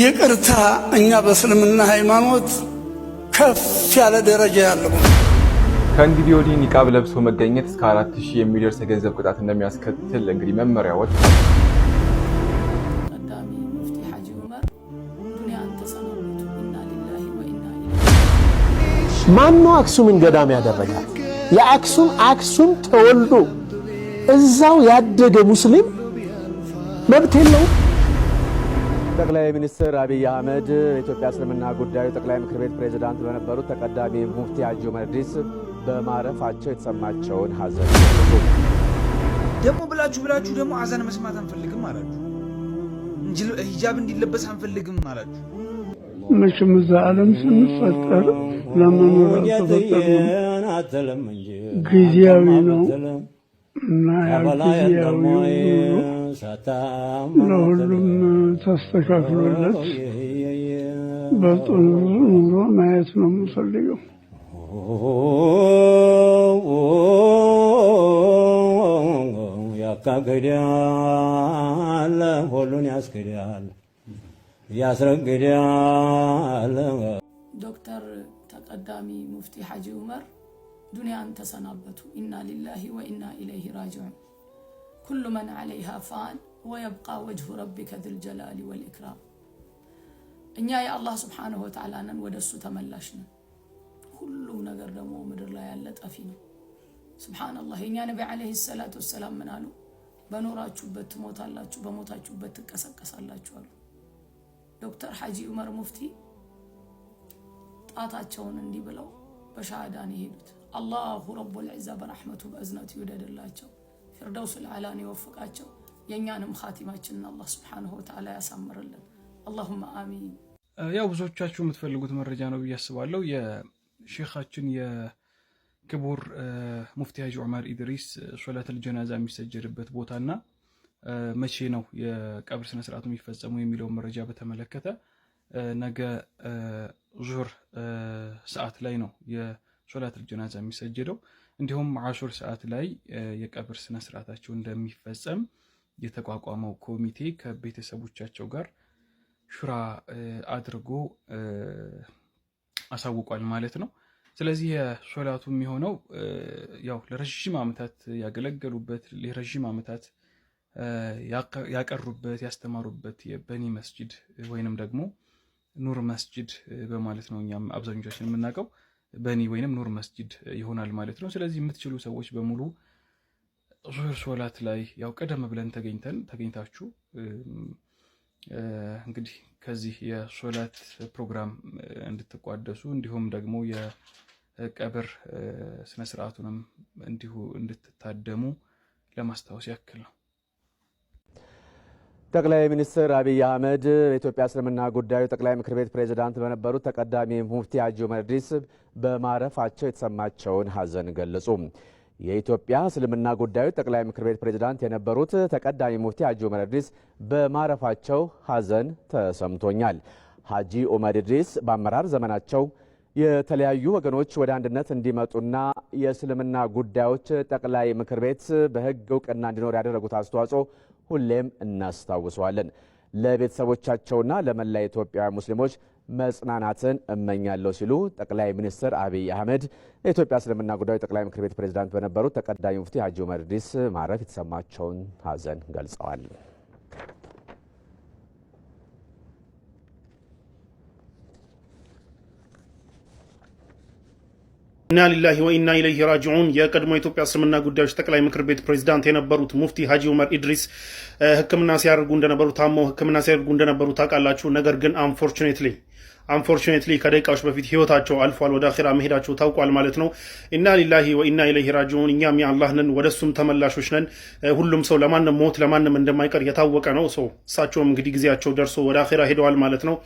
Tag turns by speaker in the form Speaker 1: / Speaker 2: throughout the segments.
Speaker 1: ይቅርታ እኛ በእስልምና ሃይማኖት ከፍ ያለ ደረጃ ያለው
Speaker 2: ከእንግዲህ ወዲህ ኒቃብ ለብሶ መገኘት እስከ አራት ሺህ የሚደርስ የገንዘብ ቅጣት እንደሚያስከትል እንግዲህ መመሪያዎች ወጥ
Speaker 3: አክሱምን ገዳም ያደረጋል? የአክሱም አክሱም ተወልዶ እዛው ያደገ ሙስሊም መብት የለውም።
Speaker 2: ጠቅላይ ሚኒስትር አብይ አህመድ የኢትዮጵያ እስልምና ጉዳዮች ጠቅላይ ምክር ቤት ፕሬዚዳንት በነበሩት ተቀዳሚ ሙፍቲ ሀጂ ዑመር ኢድሪስ በማረፋቸው የተሰማቸውን ሐዘን
Speaker 3: ደግሞ ብላችሁ ብላችሁ ደግሞ አዛን መስማት አንፈልግም አላችሁ፣ ሂጃብ እንዲለበስ አንፈልግም አላችሁ።
Speaker 4: መቼም እዛ ዓለም ስንፈጠር ለመኖር አልተፈጠርንም፣ ጊዜያዊ ነው እና ያ ጊዜያዊ ለሁሉም ተስተካክሎለት በጥሩ ኑሮ ማየት ነው የምፈልገው።
Speaker 5: ያካግዳል፣ ሁሉን ያስክዳል፣ ያስረግዳል። ዶክተር ተቀዳሚ ሙፍቲ ሐጂ ዑመር ዱንያን ተሰናበቱ። ኢና ሊላሂ ወኢና ኢለይህ ራጅዑን ኩሉ መን ዓለይሃ ፋን ወየብቃ ወጅሁ ረቢከ ዝልጀላሊ ወልኢክራም። እኛ የአላህ ስብሓንሁ ወተዓላ ነን፣ ወደ እሱ ተመላሽ ነን። ሁሉም ነገር ደግሞ ምድር ላይ ያለ ጠፊ ነው። ስብሓንላህ የእኛ ነቢ ዓለይሂ ሰላት ወሰላም ምን አሉ? በኖራችሁበት ትሞታላችሁ፣ በሞታችሁበት ትቀሰቀሳላችሁ አሉ። ዶክተር ሐጂ ዑመር ሙፍቲ ጣታቸውን እንዲህ ብለው በሻሃዳ የሄዱት። አላሁ ረቡል ዒዛ በረሕመቱ በእዝነቱ ይውደድላቸው። ፊርደውስ አላን የወፍቃቸው የእኛንም ኻቲማችንን አላህ ስብሓነሁ ወተዓላ ያሳምርልን። አላሁመ አሚን።
Speaker 6: ያው ብዙዎቻችሁ የምትፈልጉት መረጃ ነው ብዬ አስባለሁ። የሼኻችን የክቡር ሙፍቲ ሀጂ ዑመር ኢድሪስ ሶላተል ጀናዛ የሚሰጀድበት ቦታና መቼ ነው የቀብር ስነስርዓቱ የሚፈጸሙ የሚለውን መረጃ በተመለከተ ነገ ዙሁር ሰዓት ላይ ነው የሶላተል ጀናዛ የሚሰጀደው። እንዲሁም አሹር ሰዓት ላይ የቀብር ስነ ስርዓታቸው እንደሚፈጸም የተቋቋመው ኮሚቴ ከቤተሰቦቻቸው ጋር ሹራ አድርጎ አሳውቋል ማለት ነው። ስለዚህ የሶላቱ የሚሆነው ያው ለረዥም ዓመታት ያገለገሉበት ለረዥም ዓመታት ያቀሩበት ያስተማሩበት የበኒ መስጅድ ወይንም ደግሞ ኑር መስጅድ በማለት ነው እኛም አብዛኞቻችን የምናውቀው። በኒ ወይንም ኑር መስጂድ ይሆናል ማለት ነው። ስለዚህ የምትችሉ ሰዎች በሙሉ ዙህር ሶላት ላይ ያው ቀደም ብለን ተገኝተን ተገኝታችሁ እንግዲህ ከዚህ የሶላት ፕሮግራም እንድትቋደሱ እንዲሁም ደግሞ የቀብር ስነስርዓቱንም እንዲሁ እንድትታደሙ ለማስታወስ ያክል ነው።
Speaker 2: ጠቅላይ ሚኒስትር አብይ አህመድ በኢትዮጵያ እስልምና ጉዳዩ ጠቅላይ ምክር ቤት ፕሬዝዳንት በነበሩት ተቀዳሚ ሙፍቲ አጂ ዑመር ኢድሪስ በማረፋቸው የተሰማቸውን ሐዘን ገለጹ። የኢትዮጵያ እስልምና ጉዳዩ ጠቅላይ ምክር ቤት ፕሬዚዳንት የነበሩት ተቀዳሚ ሙፍቲ ሀጂ ዑመር ኢድሪስ በማረፋቸው ሐዘን ተሰምቶኛል። ሀጂ ዑመር ኢድሪስ በአመራር ዘመናቸው የተለያዩ ወገኖች ወደ አንድነት እንዲመጡና የእስልምና ጉዳዮች ጠቅላይ ምክር ቤት በሕግ እውቅና እንዲኖር ያደረጉት አስተዋጽኦ ሁሌም እናስታውሰዋለን። ለቤተሰቦቻቸውና ለመላ ኢትዮጵያ ሙስሊሞች መጽናናትን እመኛለሁ ሲሉ ጠቅላይ ሚኒስትር አብይ አህመድ የኢትዮጵያ እስልምና ጉዳዮች ጠቅላይ ምክር ቤት ፕሬዝዳንት በነበሩት ተቀዳሚ ሙፍቲ ሀጂ ኡመር ኢድሪስ ማረፍ የተሰማቸውን ሀዘን ገልጸዋል።
Speaker 3: ኢና ሊላሂ ወኢና ኢለይህ ራጅዑን። የቀድሞ የኢትዮጵያ እስልምና ጉዳዮች ጠቅላይ ምክር ቤት ፕሬዚዳንት የነበሩት ሙፍቲ ሀጂ ዑመር ኢድሪስ ሕክምና ሲያደርጉ እንደነበሩ ታመው ሕክምና ሲያደርጉ እንደነበሩ ታውቃላችሁ። ነገር ግን አንፎርቹኔትሊ አንፎርቹኔትሊ ከደቂቃዎች በፊት ህይወታቸው አልፏል። ወደ አኼራ መሄዳቸው ታውቋል ማለት ነው። ኢና ሊላሂ ወኢና ኢለይህ ራጅዑን። እኛም የአላህ ነን፣ ወደሱም ተመላሾች ነን። ሁሉም ሰው ለማንም ሞት ለማንም እንደማይቀር የታወቀ ነው። ሰው እሳቸውም እንግዲህ ጊዜያቸው ደርሶ ወደ አኼራ ሄደዋል ማለት ነው።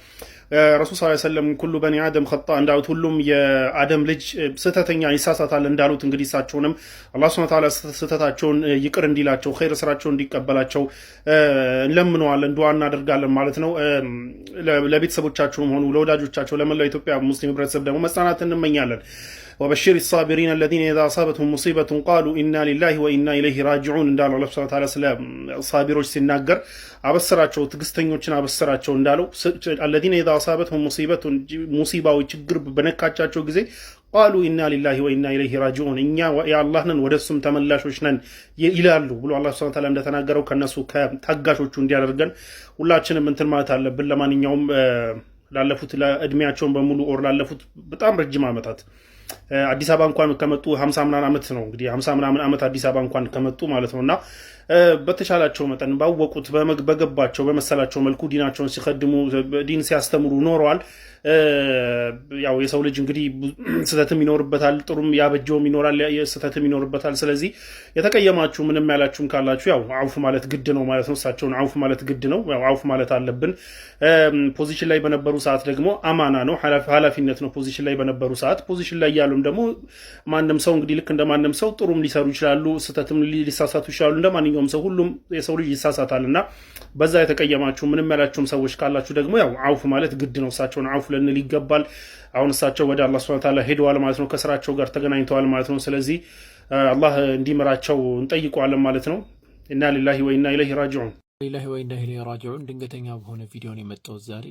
Speaker 3: ረሱል ስ ሰለም ኩሉ በኒ አደም ከጣ እንዳሉት ሁሉም የአደም ልጅ ስህተተኛ ይሳሳታል እንዳሉት እንግዲህ እሳቸውንም አላህ ሱብሐነሁ ወተዓላ ስህተታቸውን ይቅር እንዲላቸው ኸይር ስራቸው እንዲቀበላቸው እንለምነዋለን፣ ዱዓ እናደርጋለን ማለት ነው። ለቤተሰቦቻቸውም ሆኑ ለወዳጆቻቸው፣ ለመላው ኢትዮጵያ ሙስሊም ህብረተሰብ ደግሞ መጽናናት እንመኛለን። ወበሽር ሳቢሪን አለዚነ ኢዛ አሳበትሁም ሙሲበቱን ቃሉ ኢና ሊላሂ ወኢና ኢለይሂ ራጅዑን እንዳለው ረብ ስብሐት ተዓላ ስለ ሳቢሮች ሲናገር አበሰራቸው፣ ትዕግስተኞችን አበሰራቸው እንዳለው አለዚነ ኢዛ አሳበትሁም ሙሲበቱን ሙሲባዊ ችግር በነካቻቸው ጊዜ ቃሉ ኢና ሊላሂ ወኢና ኢለይሂ ራጂዑን እኛ የአላህ ነን ወደ እሱም ተመላሾች ነን ይላሉ ብሎ አላህ ሱብሓነሁ ወተዓላ እንደተናገረው ከነሱ ከታጋሾቹ እንዲያደርገን ሁላችንም እንትን ማለት አለብን። ለማንኛውም ላለፉት እድሜያቸውን በሙሉ ኦር ላለፉት በጣም ረጅም ዓመታት አዲስ አበባ እንኳን ከመጡ ሀምሳ ምናምን ዓመት ነው እንግዲህ ሀምሳ ምናምን ዓመት አዲስ አበባ እንኳን ከመጡ ማለት ነው እና በተቻላቸው መጠን ባወቁት በገባቸው በመሰላቸው መልኩ ዲናቸውን ሲከድሙ ዲን ሲያስተምሩ ኖረዋል። ያው የሰው ልጅ እንግዲህ ስህተትም ይኖርበታል፣ ጥሩም ያበጀውም ይኖራል፣ ስህተትም ይኖርበታል። ስለዚህ የተቀየማችሁ ምንም ያላችሁም ካላችሁ ያው አውፍ ማለት ግድ ነው ማለት ነው። እሳቸውን አውፍ ማለት ግድ ነው፣ ያው አውፍ ማለት አለብን። ፖዚሽን ላይ በነበሩ ሰዓት ደግሞ አማና ነው፣ ኃላፊነት ነው። ፖዚሽን ላይ በነበሩ ሰዓት ፖዚሽን ላይ ያሉም ደግሞ ማንም ሰው እንግዲህ ልክ እንደ ማንም ሰው ጥሩም ሊሰሩ ይችላሉ፣ ስህተትም ሊሳሳቱ ይችላሉ እንደ ማንኛውም ማንኛውም ሰው ሁሉም የሰው ልጅ ይሳሳታል እና በዛ የተቀየማችሁ ምንም ያላችሁም ሰዎች ካላችሁ ደግሞ ያው አውፍ ማለት ግድ ነው። እሳቸውን አውፍ ልንል ይገባል። አሁን እሳቸው ወደ አላህ ሱብሐነሁ ወተዓላ ሄደዋል ማለት ነው። ከስራቸው ጋር ተገናኝተዋል ማለት ነው። ስለዚህ አላህ እንዲምራቸው እንጠይቀዋለን ማለት ነው። ኢና ሊላሂ ወኢና ኢለይሂ ራጂዑን።
Speaker 7: ሊላሂ ወኢና ኢለይሂ ራጂዑን። ድንገተኛ በሆነ ቪዲዮ ነው የመጣሁት ዛሬ።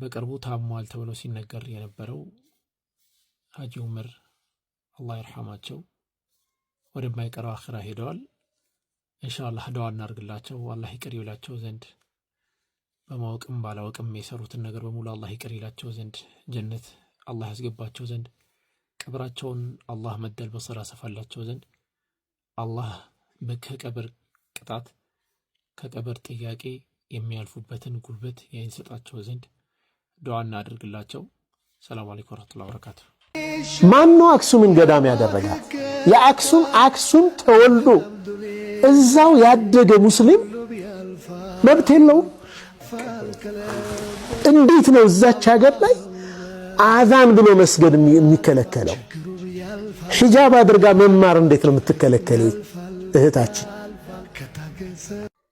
Speaker 7: በቅርቡ ታሟል ተብሎ ሲነገር የነበረው ሀጂ ዑመር አላህ ይርሐማቸው ወደማይቀረው አኽራ ሄደዋል። እንሻላህ ደዋ እናርግላቸው አላህ ይቅር ይላቸው ዘንድ በማወቅም ባላወቅም የሰሩትን ነገር በሙሉ አላህ ይቅር ይላቸው ዘንድ ጀነት አላህ ያስገባቸው ዘንድ ቀብራቸውን አላህ መደል በሰራ ሰፋላቸው ዘንድ አላህ ከቀብር ቅጣት ከቀብር ጥያቄ የሚያልፉበትን ጉልበት ያይንሰጣቸው ዘንድ ዱዓ እናድርግላቸው። ሰላም አለይኩም ወረሕመቱላሂ ወበረካቱሁ።
Speaker 3: ማነው አክሱምን ገዳም ያደረጋት? የአክሱም አክሱም ተወልዶ እዛው ያደገ ሙስሊም መብት የለውም። እንዴት ነው እዛች ሀገር ላይ አዛን ብሎ መስገድ የሚከለከለው? ሒጃብ አድርጋ መማር እንዴት ነው የምትከለከለ እህታችን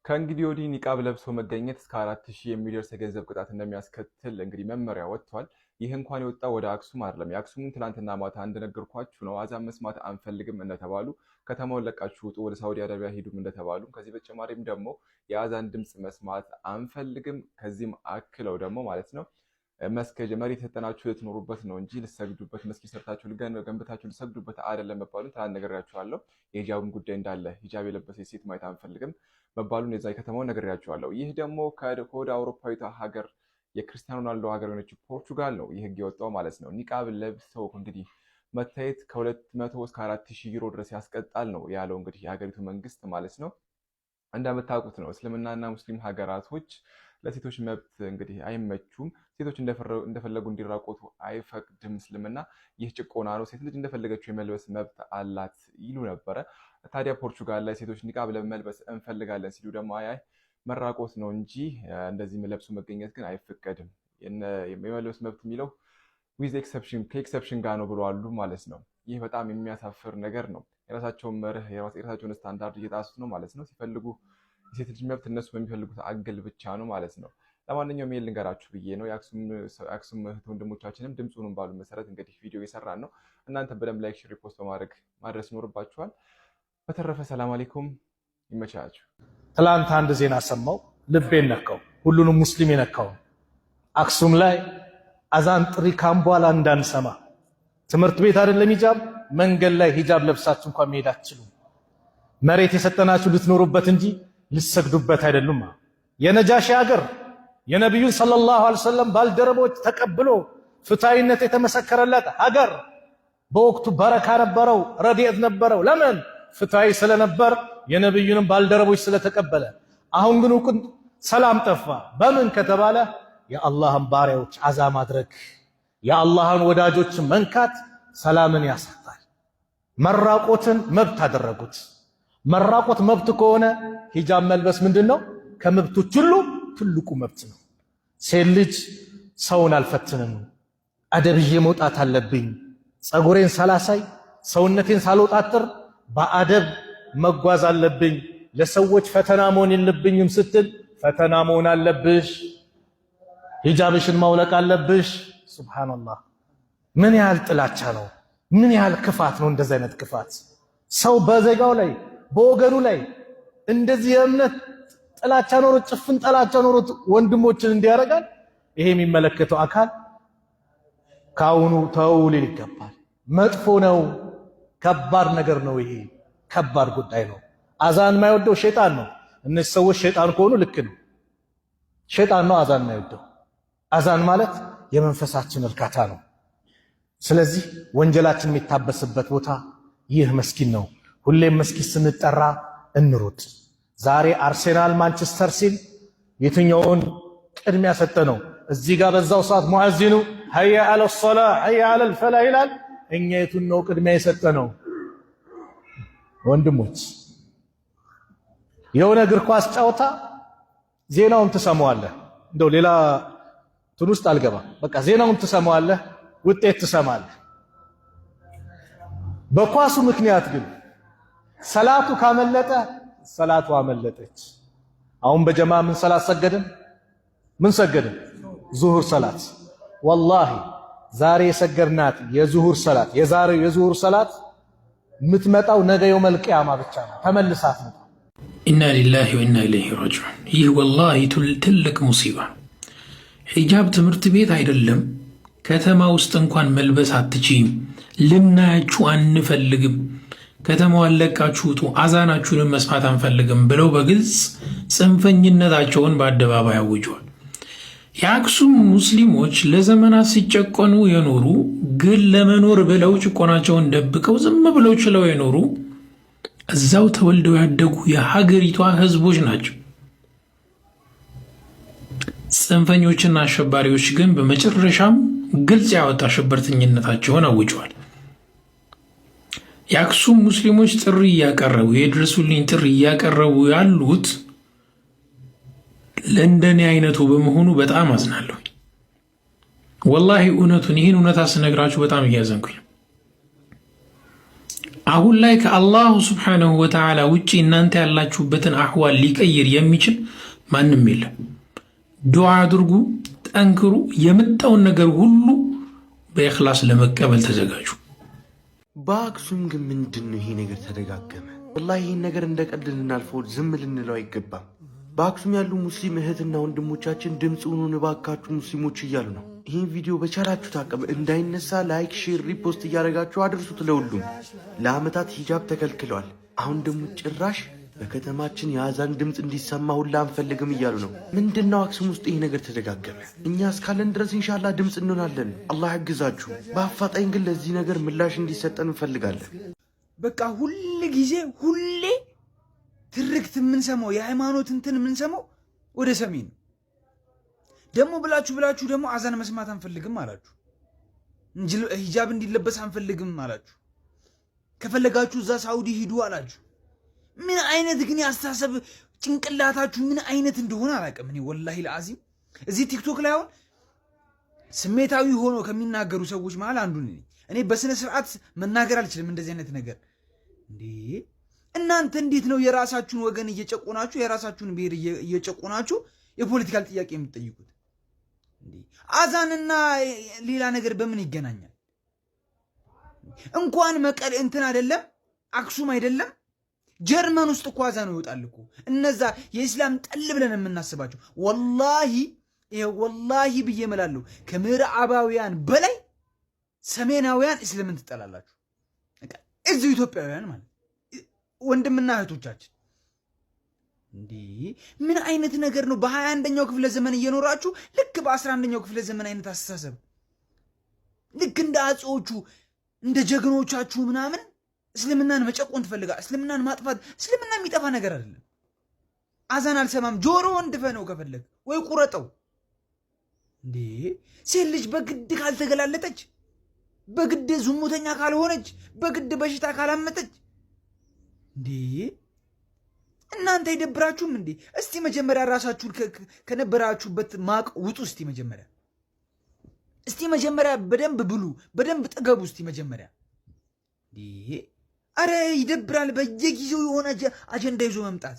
Speaker 2: ከእንግዲህ ወዲህ ኒቃብ ለብሶ መገኘት እስከ አራት ሺህ የሚደርስ የገንዘብ ቅጣት እንደሚያስከትል እንግዲህ መመሪያ ወጥቷል። ይህ እንኳን የወጣ ወደ አክሱም አይደለም። የአክሱምን ትላንትና ማታ እንደነገርኳችሁ ነው። አዛን መስማት አንፈልግም እንደተባሉ ከተማውን ለቃችሁ ውጡ፣ ወደ ሳውዲ አረቢያ ሄዱም እንደተባሉ ከዚህ በተጨማሪም ደግሞ የአዛን ድምፅ መስማት አንፈልግም። ከዚህም አክለው ደግሞ ማለት ነው መስከጀ መሬት የተሰጠናችሁ ልትኖሩበት ነው እንጂ ልሰግዱበት መስጊድ ሰርታችሁ ገንብታችሁ ልሰግዱበት አይደለም መባሉን ትላንት ነግሬያችኋለሁ። የሂጃብን ጉዳይ እንዳለ ሂጃብ የለበሰ ሴት ማየት አንፈልግም መባሉን የዛ ከተማው ነግሬያችኋለሁ። ይህ ደግሞ ከወደ አውሮፓዊቷ ሀገር የክርስቲያኖ ሮናልዶ ሀገር የሆነችው ፖርቹጋል ነው ይህ ህግ የወጣው ማለት ነው። ኒቃብን ለብሰው እንግዲህ መታየት ከ200 እስከ አራት ዩሮ ድረስ ያስቀጣል ነው ያለው እንግዲህ የሀገሪቱ መንግስት ማለት ነው። እንደምታውቁት ነው እስልምናና ሙስሊም ሀገራቶች ለሴቶች መብት እንግዲህ አይመቹም። ሴቶች እንደፈለጉ እንዲራቆቱ አይፈቅድም እስልምና። ይህ ጭቆና ነው፣ ሴት ልጅ እንደፈለገችው የመልበስ መብት አላት ይሉ ነበረ። ታዲያ ፖርቹጋል ላይ ሴቶች ኒቃብ ለመልበስ እንፈልጋለን ሲሉ ደግሞ አያይ መራቆት ነው እንጂ እንደዚህ ለብሶ መገኘት ግን አይፈቀድም። የመልበስ መብት የሚለው ዊዝ ኤክሰፕሽን ከኤክሰፕሽን ጋር ነው ብለዋሉ ማለት ነው። ይህ በጣም የሚያሳፍር ነገር ነው። የራሳቸውን መርህ የራሳቸውን ስታንዳርድ እየጣሱት ነው ማለት ነው። ሲፈልጉ የሴት ልጅ መብት እነሱ በሚፈልጉት አግል ብቻ ነው ማለት ነው። ለማንኛውም ይሄን ልንገራችሁ ብዬ ነው። የአክሱም እህት ወንድሞቻችንም ድምፁንም ባሉ መሰረት እንግዲህ ቪዲዮ የሰራን ነው። እናንተ በደንብ ላይክ፣ ሼር፣ ሪፖስት በማድረግ ማድረስ ይኖርባችኋል። በተረፈ ሰላም አሌይኩም።
Speaker 3: ይመቻቸው። ትላንት አንድ ዜና ሰማው፣ ልቤን ነካው፣ ሁሉንም ሙስሊም የነካው አክሱም ላይ አዛን ጥሪ በኋላ እንዳንሰማ ትምህርት ቤት አይደለም ሂጃብ መንገድ ላይ ሂጃብ ለብሳችሁ እንኳን መሄድ አትችሉም። መሬት የሰጠናችሁ ልትኖሩበት እንጂ ልትሰግዱበት አይደሉም። የነጃሺ ሀገር የነቢዩን ሰለላሁ ዐለይሂ ወሰለም ባልደረቦች ተቀብሎ ፍትሐዊነት የተመሰከረለት ሀገር በወቅቱ በረካ ነበረው፣ ረድኤት ነበረው። ለምን ፍትሐዊ ስለነበር የነብዩንም ባልደረቦች ስለተቀበለ፣ አሁን ግን እኩን ሰላም ጠፋ። በምን ከተባለ የአላህን ባሪያዎች አዛ ማድረግ የአላህን ወዳጆችን መንካት ሰላምን ያሳጣል። መራቆትን መብት አደረጉት። መራቆት መብት ከሆነ ሂጃብ መልበስ ምንድን ነው? ከመብቶች ሁሉ ትልቁ መብት ነው። ሴት ልጅ ሰውን አልፈትንም፣ አደብዬ መውጣት አለብኝ፣ ፀጉሬን ሳላሳይ ሰውነቴን ሳልወጣጥር በአደብ መጓዝ አለብኝ፣ ለሰዎች ፈተና መሆን የለብኝም ስትል ፈተና መሆን አለብሽ፣ ሂጃብሽን ማውለቅ አለብሽ። ሱብሃነላህ ምን ያህል ጥላቻ ነው! ምን ያህል ክፋት ነው! እንደዚህ አይነት ክፋት ሰው በዜጋው ላይ በወገኑ ላይ እንደዚህ የእምነት ጥላቻ ኖሮት ጭፍን ጥላቻ ኖሮት ወንድሞችን እንዲያደርጋል? ይሄ የሚመለከተው አካል ካሁኑ ተው ሊል ይገባል። መጥፎ ነው። ከባድ ነገር ነው። ይሄ ከባድ ጉዳይ ነው። አዛን የማይወደው ሸይጣን ነው። እነዚህ ሰዎች ሸይጣን ከሆኑ ልክ ነው። ሸይጣን ነው አዛን የማይወደው። አዛን ማለት የመንፈሳችን እርካታ ነው። ስለዚህ ወንጀላችን የሚታበስበት ቦታ ይህ መስጊድ ነው። ሁሌም መስጊድ ስንጠራ እንሩጥ። ዛሬ አርሴናል ማንቸስተር ሲል የትኛውን ቅድሚያ ሰጠ ነው? እዚህ ጋር በዛው ሰዓት ሙዓዚኑ ሀያ አለ ሶላ ሀያ አለ ልፈላ ይላል። እኛ የቱን ነው ቅድሚያ የሰጠ ነው? ወንድሞች የሆነ እግር ኳስ ጨዋታ ዜናውን ትሰማዋለህ። እንደው ሌላ እንትን ውስጥ አልገባም። በቃ ዜናውን ትሰማዋለህ፣ ውጤት ትሰማለህ። በኳሱ ምክንያት ግን ሰላቱ ካመለጠ ሰላቱ አመለጠች። አሁን በጀማ ምን ሰላት ሰገድን? ምን ሰገድን? ዙሁር ሰላት ወላሂ ዛሬ የሰገድናት የዙሁር ሰላት የዛሬው የዙሁር ሰላት የምትመጣው ነገ የውመል ቂያማ ብቻ ነው። ተመልሳት ነው። ኢና ሊላሂ ወኢና ኢለይሂ ራጅዑን። ይህ ወላሂ ትልቅ ሙሲባ። ሒጃብ ትምህርት ቤት አይደለም ከተማ ውስጥ እንኳን መልበስ አትችይም። ልናያችሁ አንፈልግም፣ ከተማዋን ለቃችሁ ውጡ፣ አዛናችሁንም መስማት አንፈልግም ብለው በግልጽ ጽንፈኝነታቸውን በአደባባይ አውጀዋል። የአክሱም ሙስሊሞች ለዘመናት ሲጨቆኑ የኖሩ ግን ለመኖር ብለው ጭቆናቸውን ደብቀው ዝም ብለው ችለው የኖሩ እዛው ተወልደው ያደጉ የሀገሪቷ ህዝቦች ናቸው። ጽንፈኞችና አሸባሪዎች ግን በመጨረሻም ግልጽ ያወጣ ሽብርተኝነታቸውን አውጀዋል። የአክሱም ሙስሊሞች ጥሪ እያቀረቡ የድረሱልኝ ጥሪ እያቀረቡ ያሉት ለእንደኔ አይነቱ በመሆኑ በጣም አዝናለሁ። ወላሂ እውነቱን ይህን እውነታ ስነግራችሁ በጣም እያዘንኩኝ አሁን ላይ ከአላሁ ስብሓነሁ ወተዓላ ውጪ እናንተ ያላችሁበትን አህዋል ሊቀይር የሚችል ማንም የለም። ዱዓ አድርጉ፣ ጠንክሩ። የመጣውን ነገር ሁሉ በእኽላስ ለመቀበል ተዘጋጁ። በአክሱም ግን ምንድን ነው ይሄ ነገር ተደጋገመ። ወላሂ ይህን ነገር እንደ ቀልድ ልናልፈው ዝም ልንለው አይገባም። በአክሱም ያሉ ሙስሊም እህትና ወንድሞቻችን ድምፅ ሁኑን እባካችሁ ሙስሊሞች እያሉ ነው። ይህን ቪዲዮ በቻላችሁ አቅም እንዳይነሳ ላይክ፣ ሼር፣ ሪፖስት እያደረጋችሁ አድርሱት ለሁሉም። ለአመታት ሂጃብ ተከልክለዋል። አሁን ደግሞ ጭራሽ በከተማችን የአዛን ድምፅ እንዲሰማ ሁላ አንፈልግም እያሉ ነው። ምንድነው አክሱም ውስጥ ይሄ ነገር ተደጋገመ? እኛ እስካለን ድረስ እንሻላ ድምፅ እንሆናለን። አላህ ያግዛችሁ። በአፋጣኝ ግን ለዚህ ነገር ምላሽ እንዲሰጠን እንፈልጋለን። በቃ ሁል ጊዜ ሁሌ ትርክት የምንሰማው የሃይማኖት እንትን የምንሰማው ወደ ሰሜን ነው። ደግሞ ብላችሁ ብላችሁ ደግሞ አዛን መስማት አንፈልግም አላችሁ። ሂጃብ እንዲለበስ አንፈልግም አላችሁ። ከፈለጋችሁ እዛ ሳውዲ ሂዱ አላችሁ። ምን አይነት ግን ያስተሳሰብ ጭንቅላታችሁ ምን አይነት እንደሆነ አላውቅም። እኔ ወላሂ ለአዚም እዚህ ቲክቶክ ላይ አሁን ስሜታዊ ሆኖ ከሚናገሩ ሰዎች መሀል አንዱ እኔ በስነ ስርዓት መናገር አልችልም። እንደዚህ አይነት ነገር እንዴ እናንተ እንዴት ነው የራሳችሁን ወገን እየጨቆናችሁ የራሳችሁን ብሔር እየጨቆናችሁ የፖለቲካል ጥያቄ የምትጠይቁት? አዛንና ሌላ ነገር በምን ይገናኛል? እንኳን መቀሌ እንትን አይደለም አክሱም አይደለም ጀርመን ውስጥ እኮ አዛን ይወጣል እኮ። እነዛ የእስላም ጠል ብለን የምናስባቸው ወላሂ ወላሂ ብዬ እምላለሁ ከምዕራባውያን በላይ ሰሜናውያን እስልምን ትጠላላችሁ፣ እዚሁ ኢትዮጵያውያን ማለት ወንድምና እህቶቻችን እንዲህ ምን አይነት ነገር ነው? በሀያ አንደኛው ክፍለ ዘመን እየኖራችሁ ልክ በአስራ አንደኛው ክፍለ ዘመን አይነት አስተሳሰብ ልክ እንደ አፄዎቹ እንደ ጀግኖቻችሁ ምናምን እስልምናን መጨቆን ትፈልጋ እስልምናን ማጥፋት እስልምና የሚጠፋ ነገር አይደለም። አዛን አልሰማም፣ ወንድፈ ነው ከፈለግ ወይ ቁረጠው። እንዴ ሴት ልጅ በግድ ካልተገላለጠች፣ በግድ ዝሙተኛ ካልሆነች፣ በግድ በሽታ ካላመጠች እንዴ እናንተ አይደብራችሁም እንዴ? እስቲ መጀመሪያ ራሳችሁን ከነበራችሁበት ማቅ ውጡ። እስቲ መጀመሪያ እስቲ መጀመሪያ በደንብ ብሉ፣ በደንብ ጥገቡ። እስቲ መጀመሪያ እንዴ! አረ ይደብራል። በየጊዜው የሆነ አጀንዳ ይዞ መምጣት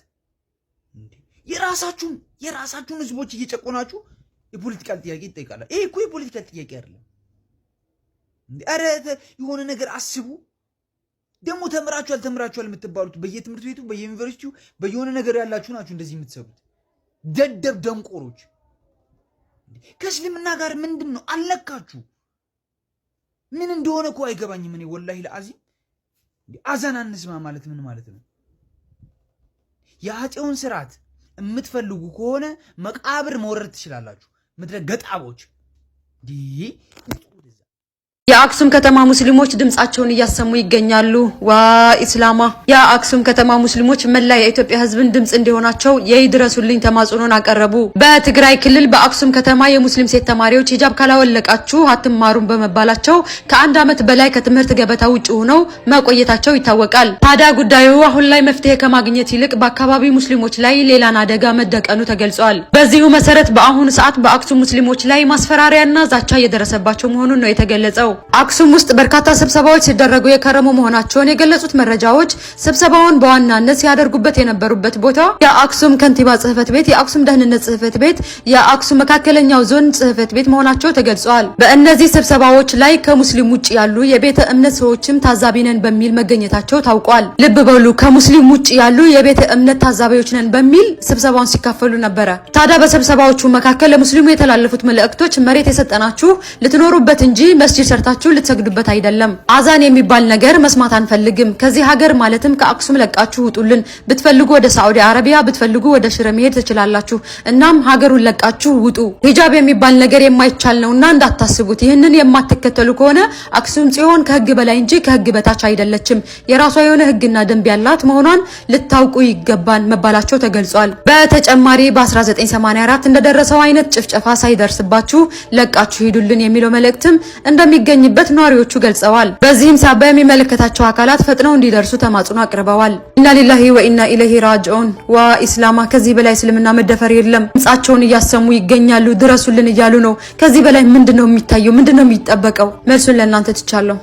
Speaker 3: የራሳችሁን የራሳችሁን ህዝቦች እየጨቆናችሁ የፖለቲካል ጥያቄ ይጠይቃል። ይሄ እኮ የፖለቲካል ጥያቄ አይደለም። አረ የሆነ ነገር አስቡ። ደግሞ ተምራችኋል ተምራችኋል የምትባሉት በየትምህርት ቤቱ በየዩኒቨርሲቲው በየሆነ ነገር ያላችሁ ናችሁ እንደዚህ የምትሰሩት ደደብ ደንቆሮች። ከእስልምና ጋር ምንድን ነው አለካችሁ? ምን እንደሆነ እኮ አይገባኝም። እኔ ወላሂ ለአዚም አዛን አንስማ ማለት ምን ማለት ነው? የአጤውን ስርዓት የምትፈልጉ ከሆነ መቃብር መውረድ ትችላላችሁ። ምድረ ገጣቦች
Speaker 8: የአክሱም ከተማ ሙስሊሞች ድምጻቸውን እያሰሙ ይገኛሉ። ዋ ኢስላማ! የአክሱም ከተማ ሙስሊሞች መላ የኢትዮጵያ ሕዝብን ድምጽ እንዲሆናቸው የይድረሱልኝ ተማጽኖን አቀረቡ። በትግራይ ክልል በአክሱም ከተማ የሙስሊም ሴት ተማሪዎች ሂጃብ ካላወለቃችሁ አትማሩም በመባላቸው ከአንድ ዓመት በላይ ከትምህርት ገበታ ውጭ ሆነው መቆየታቸው ይታወቃል። ታዲያ ጉዳዩ አሁን ላይ መፍትሄ ከማግኘት ይልቅ በአካባቢው ሙስሊሞች ላይ ሌላን አደጋ መደቀኑ ተገልጿል። በዚሁ መሰረት በአሁኑ ሰዓት በአክሱም ሙስሊሞች ላይ ማስፈራሪያና ዛቻ እየደረሰባቸው መሆኑን ነው የተገለጸው። አክሱም ውስጥ በርካታ ስብሰባዎች ሲደረጉ የከረሙ መሆናቸውን የገለጹት መረጃዎች ስብሰባውን በዋናነት ሲያደርጉበት የነበሩበት ቦታ የአክሱም ከንቲባ ጽህፈት ቤት፣ የአክሱም ደህንነት ጽህፈት ቤት፣ የአክሱም መካከለኛው ዞን ጽህፈት ቤት መሆናቸው ተገልጿል። በእነዚህ ስብሰባዎች ላይ ከሙስሊም ውጭ ያሉ የቤተ እምነት ሰዎችም ታዛቢ ነን በሚል መገኘታቸው ታውቋል። ልብ በሉ ከሙስሊም ውጭ ያሉ የቤተ እምነት ታዛቢዎች ነን በሚል ስብሰባውን ሲካፈሉ ነበረ። ታዲያ በስብሰባዎቹ መካከል ለሙስሊሙ የተላለፉት መልእክቶች መሬት የሰጠናችሁ ልትኖሩበት እንጂ መስጂድ ሰርታ መታችሁ ልትሰግዱበት አይደለም። አዛን የሚባል ነገር መስማት አንፈልግም። ከዚህ ሀገር ማለትም ከአክሱም ለቃችሁ ውጡልን። ብትፈልጉ ወደ ሳዑዲ አረቢያ፣ ብትፈልጉ ወደ ሽረ መሄድ ትችላላችሁ። እናም ሀገሩን ለቃችሁ ውጡ። ሂጃብ የሚባል ነገር የማይቻል ነውና እንዳታስቡት። ይህንን የማትከተሉ ከሆነ አክሱም ጽዮን ከህግ በላይ እንጂ ከህግ በታች አይደለችም። የራሷ የሆነ ህግና ደንብ ያላት መሆኗን ልታውቁ ይገባል መባላቸው ተገልጿል። በተጨማሪ በ1984 እንደደረሰው አይነት ጭፍጨፋ ሳይደርስባችሁ ለቃችሁ ሂዱልን የሚለው መልእክትም እንደሚገ እንደሚገኝበት ነዋሪዎቹ ገልጸዋል። በዚህም ሳቢያ የሚመለከታቸው አካላት ፈጥነው እንዲደርሱ ተማጽኖ አቅርበዋል። ኢና ሊላሂ ወኢና ኢለይሂ ራጅዑን ዋ ኢስላማ ከዚህ በላይ እስልምና መደፈር የለም። ድምጻቸውን እያሰሙ ይገኛሉ። ድረሱልን እያሉ ነው። ከዚህ በላይ ምንድነው የሚታየው? ምንድነው የሚጠበቀው? መልሱን ለእናንተ ትቻለሁ።